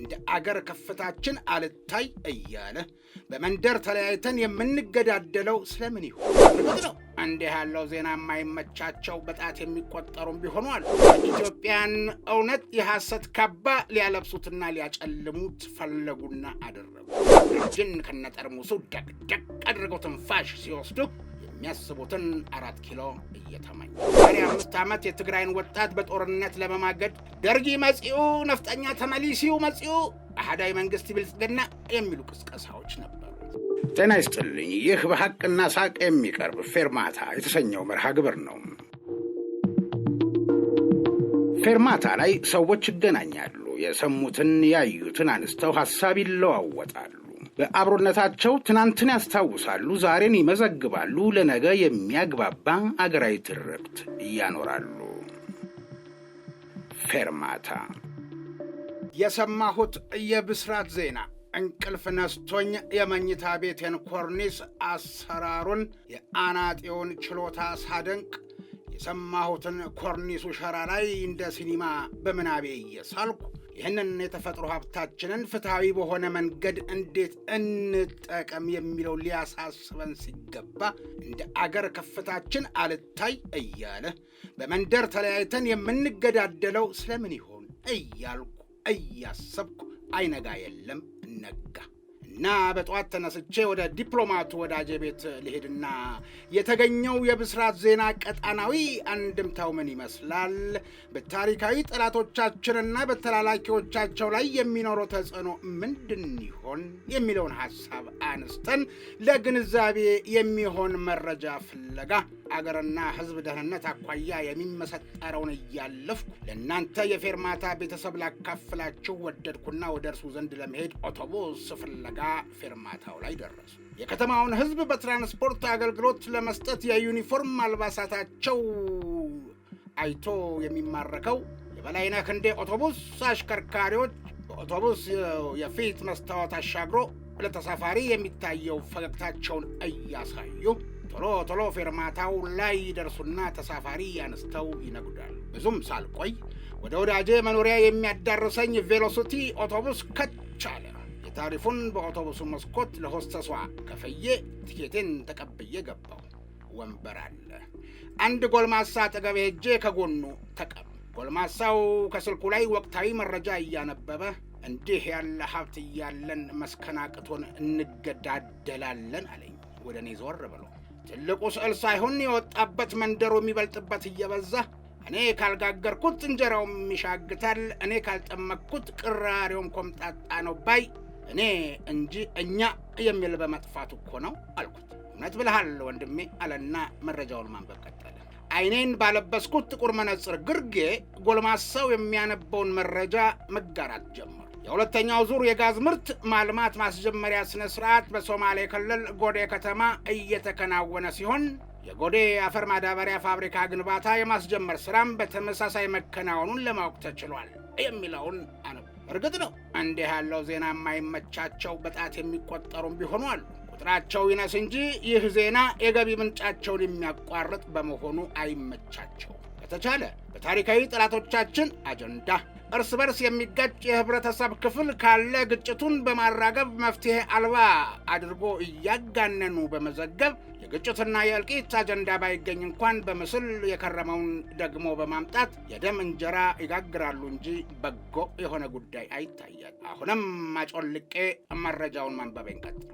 እንደ አገር ከፍታችን አልታይ እያለ በመንደር ተለያይተን የምንገዳደለው ስለምን ይሆን? ነው እንዲህ ያለው ዜና የማይመቻቸው በጣት የሚቆጠሩም ቢሆኑ አሉ። ኢትዮጵያን እውነት የሐሰት ካባ ሊያለብሱትና ሊያጨልሙት ፈለጉና አደረጉ። ጅን ከነጠርሙሱ ደቅደቅ አድርገው ትንፋሽ ሲወስዱ የሚያስቡትን አራት ኪሎ እየተመኘ ገና አምስት ዓመት የትግራይን ወጣት በጦርነት ለመማገድ ደርጊ መጺኡ፣ ነፍጠኛ ተመሊሲው መጺኡ፣ አህዳዊ መንግስት ብልጽግና የሚሉ ቅስቀሳዎች ነበሩ። ጤና ይስጥልኝ። ይህ በሐቅና ሳቅ የሚቀርብ ፌርማታ የተሰኘው መርሃ ግብር ነው። ፌርማታ ላይ ሰዎች ይገናኛሉ። የሰሙትን ያዩትን አንስተው ሐሳብ ይለዋወጣሉ። በአብሮነታቸው ትናንትን ያስታውሳሉ፣ ዛሬን ይመዘግባሉ፣ ለነገ የሚያግባባ አገራዊ ትርክት እያኖራሉ። ፌርማታ የሰማሁት የብስራት ዜና እንቅልፍ ነስቶኝ የመኝታ ቤቴን ኮርኒስ አሰራሩን የአናጤውን ችሎታ ሳደንቅ የሰማሁትን ኮርኒሱ ሸራ ላይ እንደ ሲኒማ በምናቤ እየሳልኩ ይህንን የተፈጥሮ ሀብታችንን ፍትሐዊ በሆነ መንገድ እንዴት እንጠቀም የሚለው ሊያሳስበን ሲገባ እንደ አገር ከፍታችን አልታይ እያለ በመንደር ተለያይተን የምንገዳደለው ስለምን ይሆን እያልኩ እያሰብኩ አይነጋ የለም ነጋ። እና በጠዋት ተነስቼ ወደ ዲፕሎማቱ ወዳጄ ቤት ልሄድና የተገኘው የብስራት ዜና ቀጣናዊ አንድምታው ምን ይመስላል፣ በታሪካዊ ጠላቶቻችንና በተላላኪዎቻቸው ላይ የሚኖረው ተጽዕኖ ምንድን ይሆን የሚለውን ሀሳብ አንስተን ለግንዛቤ የሚሆን መረጃ ፍለጋ አገርና ሕዝብ ደህንነት አኳያ የሚመሰጠረውን እያለፍኩ ለእናንተ የፌርማታ ቤተሰብ ላካፍላችሁ ወደድኩና ወደ እርሱ ዘንድ ለመሄድ አውቶቡስ ፍለጋ ፌርማታው ላይ ደረሱ። የከተማውን ሕዝብ በትራንስፖርት አገልግሎት ለመስጠት የዩኒፎርም አልባሳታቸው አይቶ የሚማረከው የበላይነህ ክንዴ አውቶቡስ አሽከርካሪዎች በአውቶቡስ የፊት መስታወት አሻግሮ ለተሳፋሪ የሚታየው ፈገግታቸውን እያሳዩ ቶሎ ቶሎ ፌርማታው ላይ ይደርሱና ተሳፋሪ ያነስተው ይነጉዳል። ብዙም ሳልቆይ ወደ ወዳጄ መኖሪያ የሚያዳርሰኝ ቬሎሲቲ አውቶቡስ ከች አለ። የታሪፉን በአውቶቡሱ መስኮት ለሆስተሷ ከፍዬ ትኬቴን ተቀብዬ ገባው። ወንበር አለ። አንድ ጎልማሳ አጠገብ ሄጄ ከጎኑ ተቀም ጎልማሳው ከስልኩ ላይ ወቅታዊ መረጃ እያነበበ እንዲህ ያለ ሀብት እያለን መስከናቅቶን እንገዳደላለን አለኝ። ወደ እኔ ዞር ብሎ ትልቁ ስዕል ሳይሆን የወጣበት መንደሮ የሚበልጥበት እየበዛ እኔ ካልጋገርኩት እንጀራውም ይሻግታል፣ እኔ ካልጠመቅኩት ቅራሪውም ኮምጣጣ ነው ባይ እኔ እንጂ እኛ የሚል በመጥፋቱ እኮ ነው አልኩት። እውነት ብልሃል ወንድሜ አለና መረጃውን ማንበብ ቀጠለ። አይኔን ባለበስኩት ጥቁር መነጽር ግርጌ ጎልማሳው የሚያነበውን መረጃ መጋራት ጀመሩ። የሁለተኛው ዙር የጋዝ ምርት ማልማት ማስጀመሪያ ስነ ስርዓት በሶማሌ ክልል ጎዴ ከተማ እየተከናወነ ሲሆን የጎዴ የአፈር ማዳበሪያ ፋብሪካ ግንባታ የማስጀመር ስራም በተመሳሳይ መከናወኑን ለማወቅ ተችሏል የሚለውን አነ እርግጥ ነው እንዲህ ያለው ዜና የማይመቻቸው በጣት የሚቆጠሩም ቢሆኑ አሉ። ቁጥራቸው ይነስ እንጂ ይህ ዜና የገቢ ምንጫቸውን የሚያቋርጥ በመሆኑ አይመቻቸው። ከተቻለ በታሪካዊ ጠላቶቻችን አጀንዳ እርስ በርስ የሚጋጭ የህብረተሰብ ክፍል ካለ ግጭቱን በማራገብ መፍትሄ አልባ አድርጎ እያጋነኑ በመዘገብ የግጭትና የእልቂት አጀንዳ ባይገኝ እንኳን በምስል የከረመውን ደግሞ በማምጣት የደም እንጀራ ይጋግራሉ እንጂ በጎ የሆነ ጉዳይ አይታያል። አሁንም አጮልቄ መረጃውን ማንበቤን ቀጥል።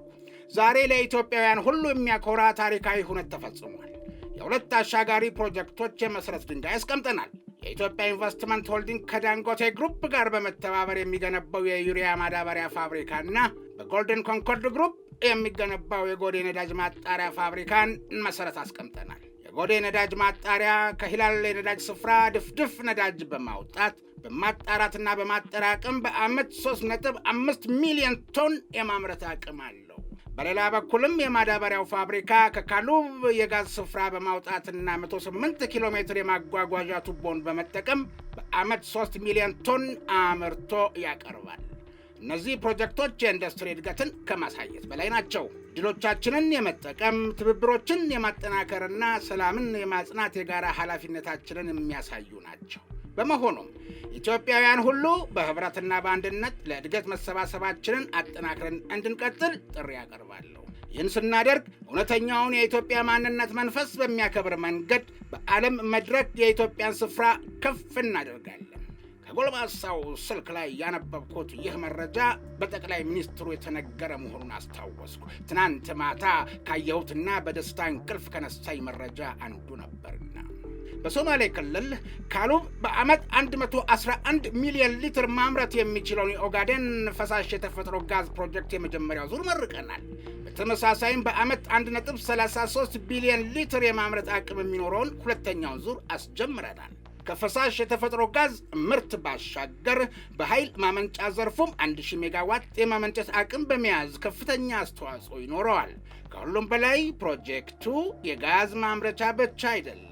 ዛሬ ለኢትዮጵያውያን ሁሉ የሚያኮራ ታሪካዊ ሁነት ተፈጽሟል። የሁለት አሻጋሪ ፕሮጀክቶች የመስረት ድንጋይ አስቀምጠናል። የኢትዮጵያ ኢንቨስትመንት ሆልዲንግ ከዳንጎቴ ግሩፕ ጋር በመተባበር የሚገነባው የዩሪያ ማዳበሪያ ፋብሪካና በጎልደን ኮንኮርድ ግሩፕ የሚገነባው የጎዴ ነዳጅ ማጣሪያ ፋብሪካን መሰረት አስቀምጠናል። የጎዴ ነዳጅ ማጣሪያ ከሂላል የነዳጅ ስፍራ ድፍድፍ ነዳጅ በማውጣት በማጣራትና በማጠራቀም በዓመት 3.5 ሚሊዮን ቶን የማምረት አቅም አለ። በሌላ በኩልም የማዳበሪያው ፋብሪካ ከካሉብ የጋዝ ስፍራ በማውጣትና 108 ኪሎ ሜትር የማጓጓዣ ቱቦን በመጠቀም በዓመት 3 ሚሊዮን ቶን አምርቶ ያቀርባል። እነዚህ ፕሮጀክቶች የኢንዱስትሪ እድገትን ከማሳየት በላይ ናቸው። ድሎቻችንን የመጠቀም ትብብሮችን የማጠናከርና ሰላምን የማጽናት የጋራ ኃላፊነታችንን የሚያሳዩ ናቸው። በመሆኑም ኢትዮጵያውያን ሁሉ በህብረትና በአንድነት ለእድገት መሰባሰባችንን አጠናክረን እንድንቀጥል ጥሪ ያቀርባለሁ። ይህን ስናደርግ እውነተኛውን የኢትዮጵያ ማንነት መንፈስ በሚያከብር መንገድ በዓለም መድረክ የኢትዮጵያን ስፍራ ከፍ እናደርጋለን። ከጎልማሳው ስልክ ላይ ያነበብኩት ይህ መረጃ በጠቅላይ ሚኒስትሩ የተነገረ መሆኑን አስታወስኩ። ትናንት ማታ ካየሁትና በደስታ እንቅልፍ ከነሳኝ መረጃ አንዱ ነበርና በሶማሌ ክልል ካሉብ በአመት 111 ሚሊዮን ሊትር ማምረት የሚችለውን የኦጋዴን ፈሳሽ የተፈጥሮ ጋዝ ፕሮጀክት የመጀመሪያው ዙር መርቀናል። በተመሳሳይም በዓመት 1.33 ቢሊዮን ሊትር የማምረት አቅም የሚኖረውን ሁለተኛውን ዙር አስጀምረናል። ከፈሳሽ የተፈጥሮ ጋዝ ምርት ባሻገር በኃይል ማመንጫ ዘርፉም 1000 ሜጋዋት የማመንጨት አቅም በመያዝ ከፍተኛ አስተዋጽኦ ይኖረዋል። ከሁሉም በላይ ፕሮጀክቱ የጋዝ ማምረቻ ብቻ አይደለም።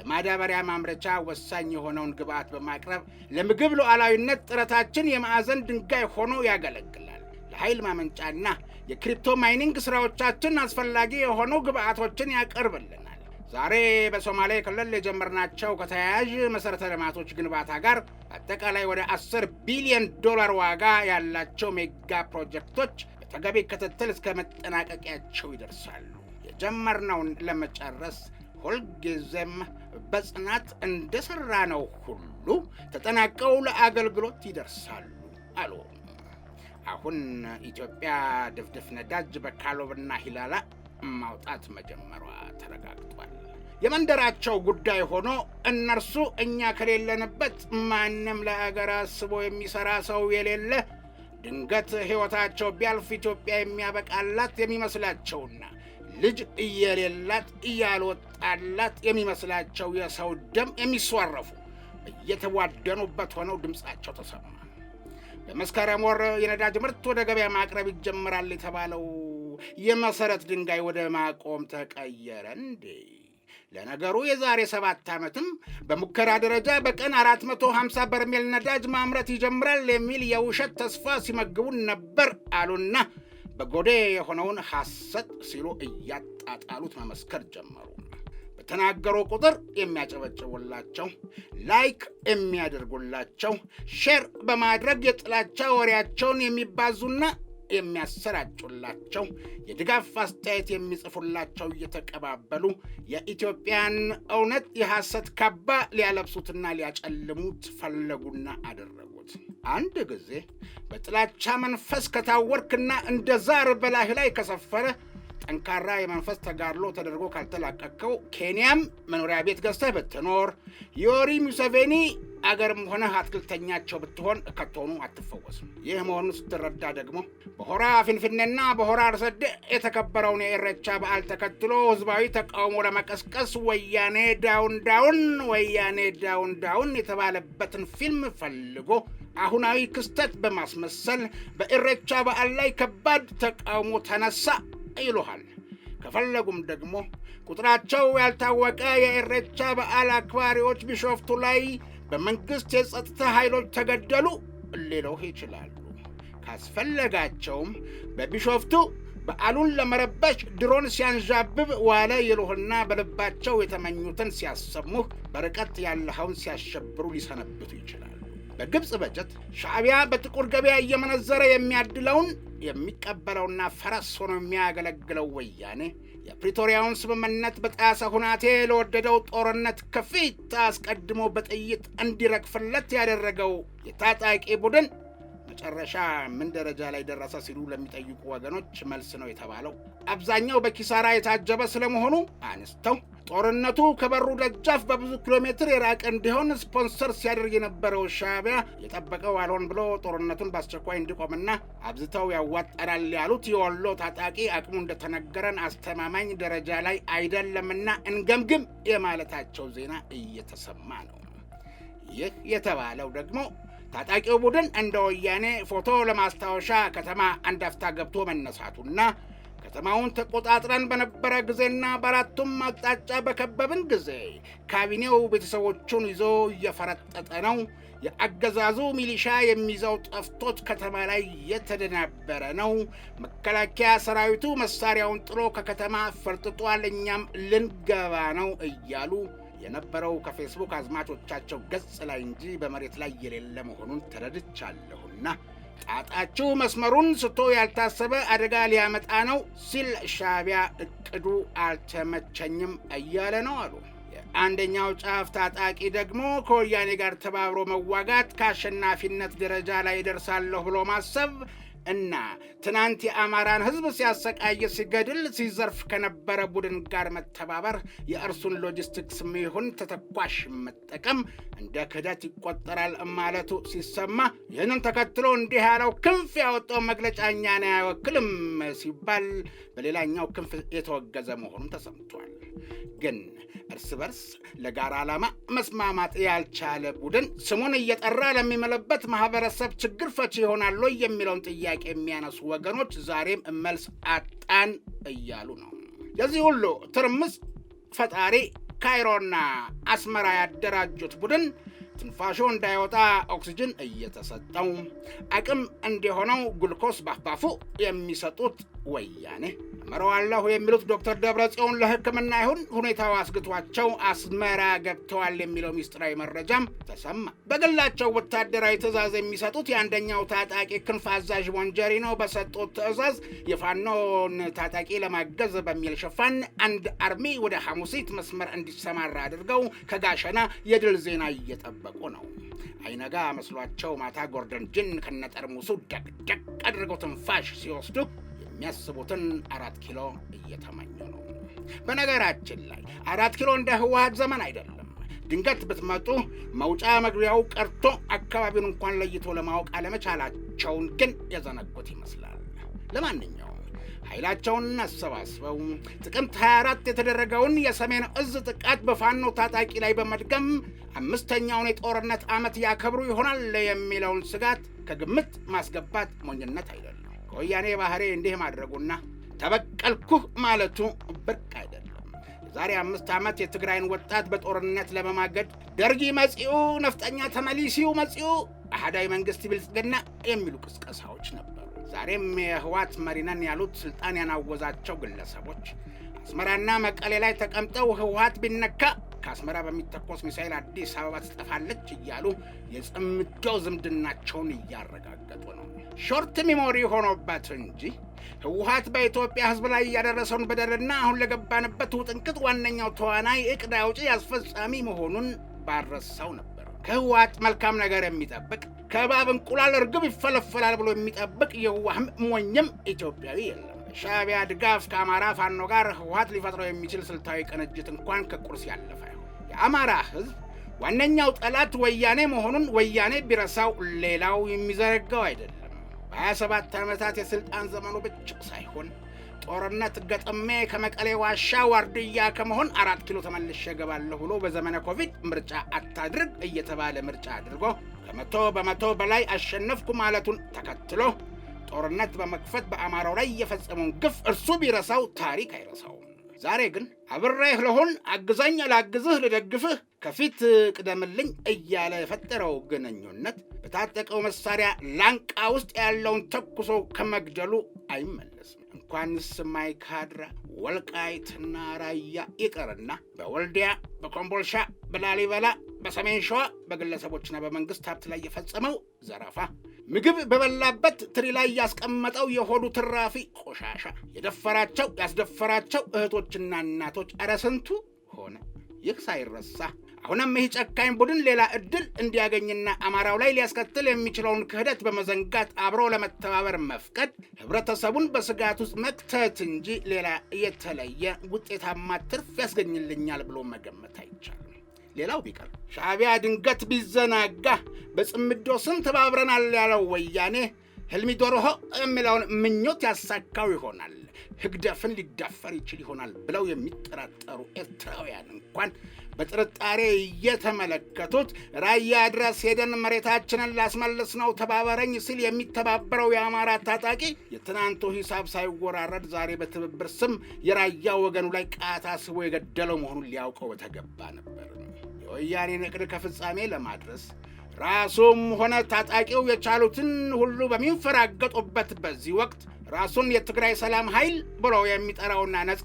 ለማዳበሪያ ማምረቻ ወሳኝ የሆነውን ግብዓት በማቅረብ ለምግብ ሉዓላዊነት ጥረታችን የማዕዘን ድንጋይ ሆኖ ያገለግላል። ለኃይል ማመንጫና የክሪፕቶ ማይኒንግ ሥራዎቻችን አስፈላጊ የሆኑ ግብዓቶችን ያቀርብልናል። ዛሬ በሶማሌ ክልል የጀመርናቸው ከተያያዥ መሠረተ ልማቶች ግንባታ ጋር አጠቃላይ ወደ 10 ቢሊዮን ዶላር ዋጋ ያላቸው ሜጋ ፕሮጀክቶች በተገቢ ክትትል እስከ መጠናቀቂያቸው ይደርሳሉ። የጀመርነውን ለመጨረስ ሁልጊዜም በጽናት እንደሠራ ነው ሁሉ ተጠናቀው ለአገልግሎት ይደርሳሉ አሉ። አሁን ኢትዮጵያ ድፍድፍ ነዳጅ በካሎብና ሂላላ ማውጣት መጀመሯ ተረጋግጧል። የመንደራቸው ጉዳይ ሆኖ እነርሱ እኛ ከሌለንበት ማንም ለአገር አስቦ የሚሠራ ሰው የሌለ ድንገት ሕይወታቸው ቢያልፍ ኢትዮጵያ የሚያበቃላት የሚመስላቸውና ልጅ እየሌላት እያልወጣላት የሚመስላቸው የሰው ደም የሚስዋረፉ እየተቧደኑበት ሆነው ድምፃቸው ተሰማ። በመስከረም ወር የነዳጅ ምርት ወደ ገበያ ማቅረብ ይጀምራል የተባለው የመሰረት ድንጋይ ወደ ማቆም ተቀየረ እንዴ? ለነገሩ የዛሬ ሰባት ዓመትም በሙከራ ደረጃ በቀን 450 በርሜል ነዳጅ ማምረት ይጀምራል የሚል የውሸት ተስፋ ሲመግቡን ነበር አሉና በጎዴ የሆነውን ሐሰት ሲሉ እያጣጣሉት መመስከር ጀመሩ። በተናገሩ ቁጥር የሚያጨበጭቡላቸው፣ ላይክ የሚያደርጉላቸው፣ ሼር በማድረግ የጥላቻ ወሬያቸውን የሚባዙና የሚያሰራጩላቸው፣ የድጋፍ አስተያየት የሚጽፉላቸው እየተቀባበሉ የኢትዮጵያን እውነት የሐሰት ካባ ሊያለብሱትና ሊያጨልሙት ፈለጉና አደረጉት። አንድ ጊዜ በጥላቻ መንፈስ ከታወርክና እንደ ዛር በላህ ላይ ከሰፈረ ጠንካራ የመንፈስ ተጋድሎ ተደርጎ ካልተላቀቀው ኬንያም መኖሪያ ቤት ገዝተህ ብትኖር ዮሪ ሙሴቬኒ አገርም ሆነ አትክልተኛቸው ብትሆን ከቶኑ አትፈወስም። ይህ መሆኑ ስትረዳ ደግሞ በሆራ ፊንፊኔና በሆራ አርሰዴ የተከበረውን የኢሬቻ በዓል ተከትሎ ህዝባዊ ተቃውሞ ለመቀስቀስ ወያኔ ዳውን ዳውን ወያኔ ዳውን ዳውን የተባለበትን ፊልም ፈልጎ አሁናዊ ክስተት በማስመሰል በኢሬቻ በዓል ላይ ከባድ ተቃውሞ ተነሳ። ይሉሃል። ከፈለጉም ደግሞ ቁጥራቸው ያልታወቀ የኢሬቻ በዓል አክባሪዎች ቢሾፍቱ ላይ በመንግሥት የጸጥታ ኃይሎች ተገደሉ ሊሉህ ይችላሉ። ካስፈለጋቸውም በቢሾፍቱ በዓሉን ለመረበሽ ድሮን ሲያንዣብብ ዋለ ይሉህና በልባቸው የተመኙትን ሲያሰሙህ በርቀት ያለኸውን ሲያሸብሩ ሊሰነብቱ ይችላሉ። በግብፅ በጀት ሻዕቢያ በጥቁር ገበያ እየመነዘረ የሚያድለውን የሚቀበለውና ፈረስ ሆኖ የሚያገለግለው ወያኔ የፕሪቶሪያውን ስምምነት በጣሰ ሁናቴ ለወደደው ጦርነት ከፊት አስቀድሞ በጥይት እንዲረግፍለት ያደረገው የታጣቂ ቡድን መጨረሻ ምን ደረጃ ላይ ደረሰ ሲሉ ለሚጠይቁ ወገኖች መልስ ነው የተባለው አብዛኛው በኪሳራ የታጀበ ስለመሆኑ አንስተው ጦርነቱ ከበሩ ደጃፍ በብዙ ኪሎ ሜትር የራቀ እንዲሆን ስፖንሰር ሲያደርግ የነበረው ሻዕቢያ የጠበቀው አልሆን ብሎ ጦርነቱን በአስቸኳይ እንዲቆምና አብዝተው ያዋጠራል። ያሉት የወሎ ታጣቂ አቅሙ እንደተነገረን አስተማማኝ ደረጃ ላይ አይደለምና እንገምግም የማለታቸው ዜና እየተሰማ ነው። ይህ የተባለው ደግሞ ታጣቂው ቡድን እንደ ወያኔ ፎቶ ለማስታወሻ ከተማ አንዳፍታ ገብቶ መነሳቱና ከተማውን ተቆጣጥረን በነበረ ጊዜና በአራቱም አቅጣጫ በከበብን ጊዜ ካቢኔው ቤተሰቦቹን ይዞ እየፈረጠጠ ነው፣ የአገዛዙ ሚሊሻ የሚይዘው ጠፍቶት ከተማ ላይ የተደናበረ ነው፣ መከላከያ ሰራዊቱ መሳሪያውን ጥሎ ከከተማ ፈርጥጧል፣ እኛም ልንገባ ነው እያሉ የነበረው ከፌስቡክ አዝማቾቻቸው ገጽ ላይ እንጂ በመሬት ላይ የሌለ መሆኑን ተረድቻለሁና ጣጣችሁ መስመሩን ስቶ ያልታሰበ አደጋ ሊያመጣ ነው ሲል ሻቢያ እቅዱ አልተመቸኝም እያለ ነው አሉ። የአንደኛው ጫፍ ታጣቂ ደግሞ ከወያኔ ጋር ተባብሮ መዋጋት ከአሸናፊነት ደረጃ ላይ ደርሳለሁ ብሎ ማሰብ እና ትናንት የአማራን ህዝብ ሲያሰቃይ፣ ሲገድል፣ ሲዘርፍ ከነበረ ቡድን ጋር መተባበር የእርሱን ሎጂስቲክስ ሚሆን ተተኳሽ መጠቀም እንደ ክህደት ይቆጠራል ማለቱ ሲሰማ ይህንን ተከትሎ እንዲህ ያለው ክንፍ ያወጣው መግለጫ እኛን አይወክልም ሲባል በሌላኛው ክንፍ የተወገዘ መሆኑን ተሰምቷል። ግን እርስ በርስ ለጋራ ዓላማ መስማማት ያልቻለ ቡድን ስሙን እየጠራ ለሚመለበት ማህበረሰብ ችግር ፈቺ ይሆናል የሚለውን ጥያቄ ጥያቄ የሚያነሱ ወገኖች ዛሬም መልስ አጣን እያሉ ነው። የዚህ ሁሉ ትርምስ ፈጣሪ ካይሮና አስመራ ያደራጁት ቡድን ትንፋሾ እንዳይወጣ ኦክስጅን እየተሰጠው አቅም እንዲሆነው ግሉኮስ ባፋፉ የሚሰጡት ወያኔ መረዋለሁ የሚሉት ዶክተር ደብረጽዮን ለሕክምና ይሁን ሁኔታው አስግቷቸው አስመራ ገብተዋል የሚለው ሚስጥራዊ መረጃም ተሰማ። በግላቸው ወታደራዊ ትዕዛዝ የሚሰጡት የአንደኛው ታጣቂ ክንፍ አዛዥ ወንጀሪ ነው። በሰጡት ትዕዛዝ የፋኖን ታጣቂ ለማገዝ በሚል ሽፋን አንድ አርሚ ወደ ሐሙሲት መስመር እንዲሰማራ አድርገው ከጋሸና የድል ዜና እየጠበቁ እየጠበቁ ነው። አይነጋ መስሏቸው ማታ ጎርደን ጅን ከነጠርሙሱ ደቅደቅ አድርገው ትንፋሽ ሲወስዱ የሚያስቡትን አራት ኪሎ እየተመኙ ነው። በነገራችን ላይ አራት ኪሎ እንደ ህወሀት ዘመን አይደለም። ድንገት ብትመጡ መውጫ መግቢያው ቀርቶ አካባቢውን እንኳን ለይቶ ለማወቅ አለመቻላቸውን ግን የዘነጉት ይመስላል። ለማንኛውም ኃይላቸውን አሰባስበው ጥቅምት 24 የተደረገውን የሰሜን እዝ ጥቃት በፋኖ ታጣቂ ላይ በመድገም አምስተኛውን የጦርነት ዓመት ያከብሩ ይሆናል የሚለውን ስጋት ከግምት ማስገባት ሞኝነት አይደለም። ከወያኔ ባህሬ እንዲህ ማድረጉና ተበቀልኩህ ማለቱ ብርቅ አይደለም። ዛሬ አምስት ዓመት የትግራይን ወጣት በጦርነት ለመማገድ ደርጊ መጺኡ፣ ነፍጠኛ ተመሊሲው መጺኡ፣ አህዳዊ መንግሥት ብልጽግና የሚሉ ቅስቀሳዎች ነበር። ዛሬም የህዋት መሪነን ያሉት ስልጣን ያናወዛቸው ግለሰቦች አስመራና መቀሌ ላይ ተቀምጠው ህወሀት ቢነካ ከአስመራ በሚተኮስ ሚሳኤል አዲስ አበባ ትጠፋለች እያሉ የጽምዶው ዝምድናቸውን እያረጋገጡ ነው። ሾርት ሚሞሪ ሆኖበት እንጂ ህወሀት በኢትዮጵያ ህዝብ ላይ እያደረሰውን በደልና አሁን ለገባንበት ውጥንቅጥ ዋነኛው ተዋናይ እቅድ አውጪ አስፈጻሚ መሆኑን ባረሳው ነበር። ከህወሓት መልካም ነገር የሚጠብቅ ከባብ እንቁላል እርግብ ይፈለፈላል ብሎ የሚጠብቅ የዋህም ሞኝም ኢትዮጵያዊ የለም። ሻቢያ ድጋፍ ከአማራ ፋኖ ጋር ህወሓት ሊፈጥረው የሚችል ስልታዊ ቅንጅት እንኳን ከቁርስ ያለፈ የአማራ ህዝብ ዋነኛው ጠላት ወያኔ መሆኑን ወያኔ ቢረሳው ሌላው የሚዘረጋው አይደለም። በ27 ዓመታት የሥልጣን ዘመኑ ብቻ ሳይሆን ጦርነት ገጥሜ ከመቀሌ ዋሻ ዋርድያ ከመሆን አራት ኪሎ ተመልሼ እገባለሁ ብሎ በዘመነ ኮቪድ ምርጫ አታድርግ እየተባለ ምርጫ አድርጎ ከመቶ በመቶ በላይ አሸነፍኩ ማለቱን ተከትሎ ጦርነት በመክፈት በአማራው ላይ የፈጸመውን ግፍ እርሱ ቢረሳው ታሪክ አይረሳውም። ዛሬ ግን አብሬህ ለሆን አግዛኝ፣ ላግዝህ፣ ልደግፍህ፣ ከፊት ቅደምልኝ እያለ የፈጠረው ግንኙነት በታጠቀው መሳሪያ ላንቃ ውስጥ ያለውን ተኩሶ ከመግደሉ አይመለስም። እንኳንስ ማይካድራ ወልቃይትና ራያ ይቅርና በወልዲያ በኮምቦልሻ በላሊበላ በሰሜን ሸዋ በግለሰቦችና በመንግስት ሀብት ላይ የፈጸመው ዘረፋ፣ ምግብ በበላበት ትሪ ላይ ያስቀመጠው የሆዱ ትራፊ ቆሻሻ፣ የደፈራቸው ያስደፈራቸው እህቶችና እናቶች፣ ኧረ ስንቱ ሆነ። ይህ ሳይረሳ አሁንም ይህ ጨካኝ ቡድን ሌላ እድል እንዲያገኝና አማራው ላይ ሊያስከትል የሚችለውን ክህደት በመዘንጋት አብሮ ለመተባበር መፍቀድ ህብረተሰቡን በስጋት ውስጥ መክተት እንጂ ሌላ የተለየ ውጤታማ ትርፍ ያስገኝልኛል ብሎ መገመት አይቻልም። ሌላው ቢቀር ሻዕቢያ ድንገት ቢዘናጋ በጽምዶ ስም ተባብረናል ያለው ወያኔ ህልሚ ዶርሆ የሚለውን ምኞት ያሳካው ይሆናል። ህግደፍን ሊዳፈር ይችል ይሆናል ብለው የሚጠራጠሩ ኤርትራውያን እንኳን በጥርጣሬ እየተመለከቱት ራያ ድረስ ሄደን መሬታችንን ላስመልስ ነው ተባበረኝ ሲል የሚተባበረው የአማራ ታጣቂ የትናንቱ ሂሳብ ሳይወራረድ ዛሬ በትብብር ስም የራያ ወገኑ ላይ ቃታ ስቦ የገደለው መሆኑን ሊያውቀው በተገባ ነበር። የወያኔን እቅድ ከፍጻሜ ለማድረስ ራሱም ሆነ ታጣቂው የቻሉትን ሁሉ በሚንፈራገጡበት በዚህ ወቅት ራሱን የትግራይ ሰላም ኃይል ብሎ የሚጠራውና ነፃ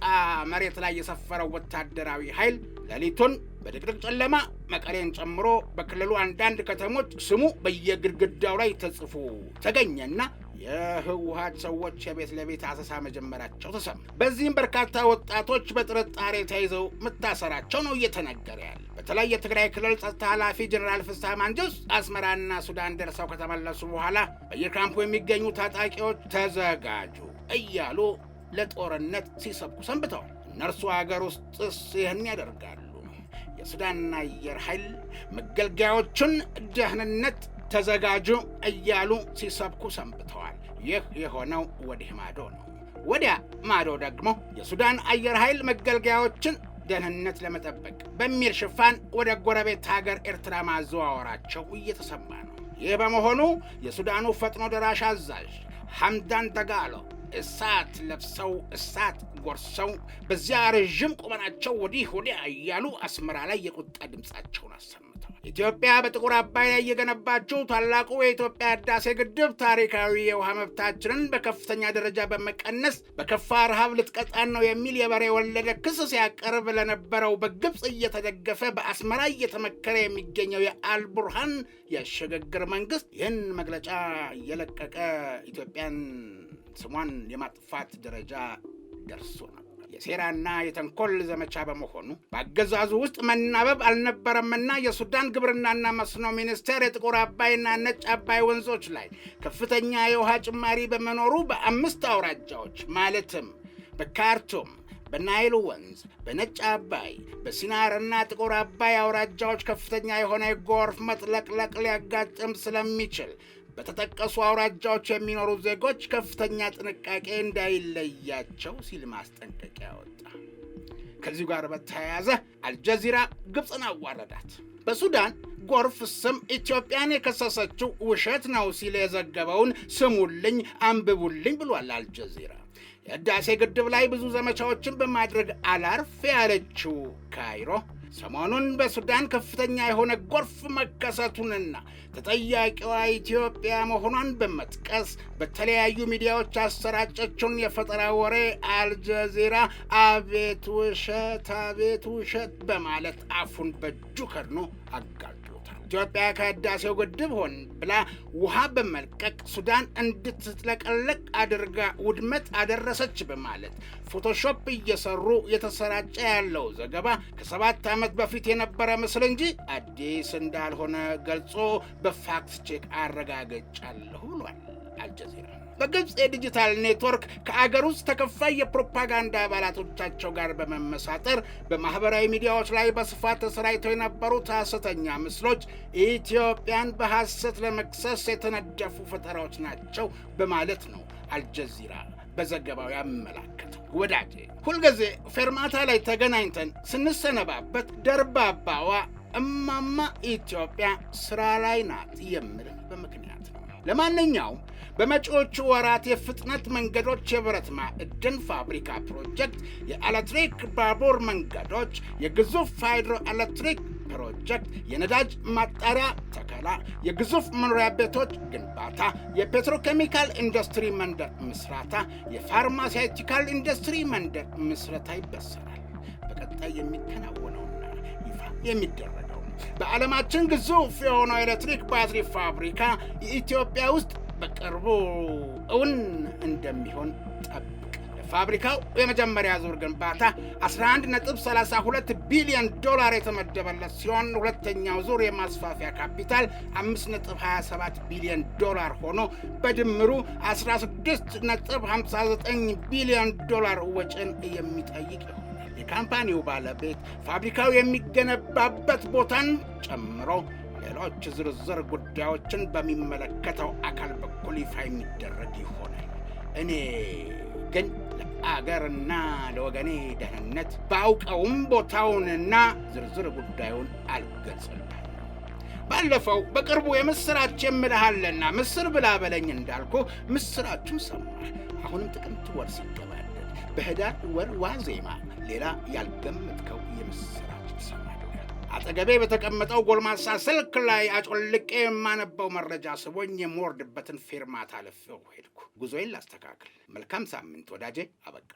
መሬት ላይ የሰፈረው ወታደራዊ ኃይል ሌሊቱን በድቅድቅ ጨለማ መቀሌን ጨምሮ በክልሉ አንዳንድ ከተሞች ስሙ በየግድግዳው ላይ ተጽፎ ተገኘና የህወሀት ሰዎች የቤት ለቤት አሰሳ መጀመራቸው ተሰማ። በዚህም በርካታ ወጣቶች በጥርጣሬ ተይዘው መታሰራቸው ነው እየተነገረ ያለ። በተለይ የትግራይ ክልል ጸጥታ ኃላፊ ጀኔራል ፍስሐ ማንጁስ አስመራና ሱዳን ደርሰው ከተመለሱ በኋላ በየካምፑ የሚገኙ ታጣቂዎች ተዘጋጁ እያሉ ለጦርነት ሲሰብኩ ሰንብተዋል። እነርሱ አገር ውስጥስ ይህን ያደርጋሉ? የሱዳንና አየር ኃይል መገልገያዎችን ደህንነት ተዘጋጁ እያሉ ሲሰብኩ ሰንብተዋል። ይህ የሆነው ወዲህ ማዶ ነው። ወዲያ ማዶ ደግሞ የሱዳን አየር ኃይል መገልገያዎችን ደህንነት ለመጠበቅ በሚል ሽፋን ወደ ጎረቤት ሀገር ኤርትራ ማዘዋወራቸው እየተሰማ ነው። ይህ በመሆኑ የሱዳኑ ፈጥኖ ደራሽ አዛዥ ሐምዳን ደጋሎ እሳት ለብሰው እሳት ጎርሰው በዚያ ረዥም ቁመናቸው ወዲህ ወዲያ እያሉ አስመራ ላይ የቁጣ ድምፃቸውን አሰማ። ኢትዮጵያ በጥቁር አባይ ላይ የገነባችው ታላቁ የኢትዮጵያ ህዳሴ ግድብ ታሪካዊ የውሃ መብታችንን በከፍተኛ ደረጃ በመቀነስ በከፋ ረሃብ ልትቀጣን ነው የሚል የበሬ ወለደ ክስ ሲያቀርብ ለነበረው በግብፅ እየተደገፈ በአስመራ እየተመከረ የሚገኘው የአልቡርሃን የሽግግር መንግስት ይህን መግለጫ እየለቀቀ ኢትዮጵያን ስሟን የማጥፋት ደረጃ ደርሶ ነው። የሴራና የተንኮል ዘመቻ በመሆኑ በአገዛዙ ውስጥ መናበብ አልነበረምና የሱዳን ግብርናና መስኖ ሚኒስቴር የጥቁር አባይና ነጭ አባይ ወንዞች ላይ ከፍተኛ የውሃ ጭማሪ በመኖሩ በአምስት አውራጃዎች ማለትም በካርቱም በናይል ወንዝ፣ በነጭ አባይ፣ በሲናርና ጥቁር አባይ አውራጃዎች ከፍተኛ የሆነ የጎርፍ መጥለቅለቅ ሊያጋጥም ስለሚችል በተጠቀሱ አውራጃዎች የሚኖሩ ዜጎች ከፍተኛ ጥንቃቄ እንዳይለያቸው ሲል ማስጠንቀቂያ ያወጣ። ከዚሁ ጋር በተያያዘ አልጀዚራ ግብፅን አዋረዳት። በሱዳን ጎርፍ ስም ኢትዮጵያን የከሰሰችው ውሸት ነው ሲል የዘገበውን ስሙልኝ አንብቡልኝ ብሏል አልጀዚራ። የህዳሴ ግድብ ላይ ብዙ ዘመቻዎችን በማድረግ አላርፍ ያለችው ካይሮ ሰሞኑን በሱዳን ከፍተኛ የሆነ ጎርፍ መከሰቱንና ተጠያቂዋ ኢትዮጵያ መሆኗን በመጥቀስ በተለያዩ ሚዲያዎች አሰራጨችውን የፈጠራ ወሬ አልጀዚራ አቤት ውሸት፣ አቤት ውሸት በማለት አፉን በእጁ ከድኖ አጋል ኢትዮጵያ ከህዳሴው ግድብ ሆን ብላ ውሃ በመልቀቅ ሱዳን እንድትጥለቀለቅ አድርጋ ውድመት አደረሰች በማለት ፎቶሾፕ እየሰሩ የተሰራጨ ያለው ዘገባ ከሰባት ዓመት በፊት የነበረ ምስል እንጂ አዲስ እንዳልሆነ ገልጾ በፋክት ቼክ አረጋገጫለሁ ብሏል አልጀዚራ። በግብፅ የዲጂታል ኔትወርክ ከአገር ውስጥ ተከፋይ የፕሮፓጋንዳ አባላቶቻቸው ጋር በመመሳጠር በማህበራዊ ሚዲያዎች ላይ በስፋት ተሰራይተው የነበሩት ሐሰተኛ ምስሎች ኢትዮጵያን በሐሰት ለመክሰስ የተነደፉ ፈጠራዎች ናቸው በማለት ነው አልጀዚራ በዘገባው ያመላከተው። ወዳጄ ሁልጊዜ ፌርማታ ላይ ተገናኝተን ስንሰነባበት ደርባባዋ እማማ ኢትዮጵያ ስራ ላይ ናት የምልህ በምክንያት ነው። ለማንኛውም በመጪዎቹ ወራት የፍጥነት መንገዶች የብረት ማዕድን ፋብሪካ ፕሮጀክት፣ የኤሌክትሪክ ባቡር መንገዶች፣ የግዙፍ ሃይድሮ ኤሌክትሪክ ፕሮጀክት፣ የነዳጅ ማጣሪያ ተከላ፣ የግዙፍ መኖሪያ ቤቶች ግንባታ፣ የፔትሮኬሚካል ኢንዱስትሪ መንደር ምስራታ የፋርማሲውቲካል ኢንዱስትሪ መንደር ምስረታ ይበሰራል። በቀጣይ የሚከናወነውና ይፋ የሚደረግ በዓለማችን ግዙፍ የሆነው ኤሌክትሪክ ባትሪ ፋብሪካ የኢትዮጵያ ውስጥ በቅርቡ እውን እንደሚሆን ጠብቅ። ፋብሪካው የመጀመሪያ ዙር ግንባታ 11.32 ቢሊዮን ዶላር የተመደበለት ሲሆን ሁለተኛው ዙር የማስፋፊያ ካፒታል 5.27 ቢሊዮን ዶላር ሆኖ በድምሩ 16.59 ቢሊዮን ዶላር ወጪን የሚጠይቅ የካምፓኒው ባለቤት ፋብሪካው የሚገነባበት ቦታን ጨምሮ ሌሎች ዝርዝር ጉዳዮችን በሚመለከተው አካል በኩል ይፋ የሚደረግ ይሆናል። እኔ ግን ለአገርና ለወገኔ ደህንነት ባውቀውም ቦታውንና ዝርዝር ጉዳዩን አልገልጽልም። ባለፈው በቅርቡ የምስራች የምልሃለና ምስር ብላ በለኝ እንዳልኩ ምስራችን ሰማ። አሁንም ጥቅምት ወር ሲገባደድ በህዳር ወር ዋዜማ ሌላ ያልገመጥከው የምስራች ተሰማል። አጠገቤ በተቀመጠው ጎልማሳ ስልክ ላይ አጮልቄ የማነባው መረጃ ስቦኝ የምወርድበትን ፌርማታ አልፌው ሄድኩ። ጉዞዬን ላስተካክል። መልካም ሳምንት ወዳጄ። አበቃ።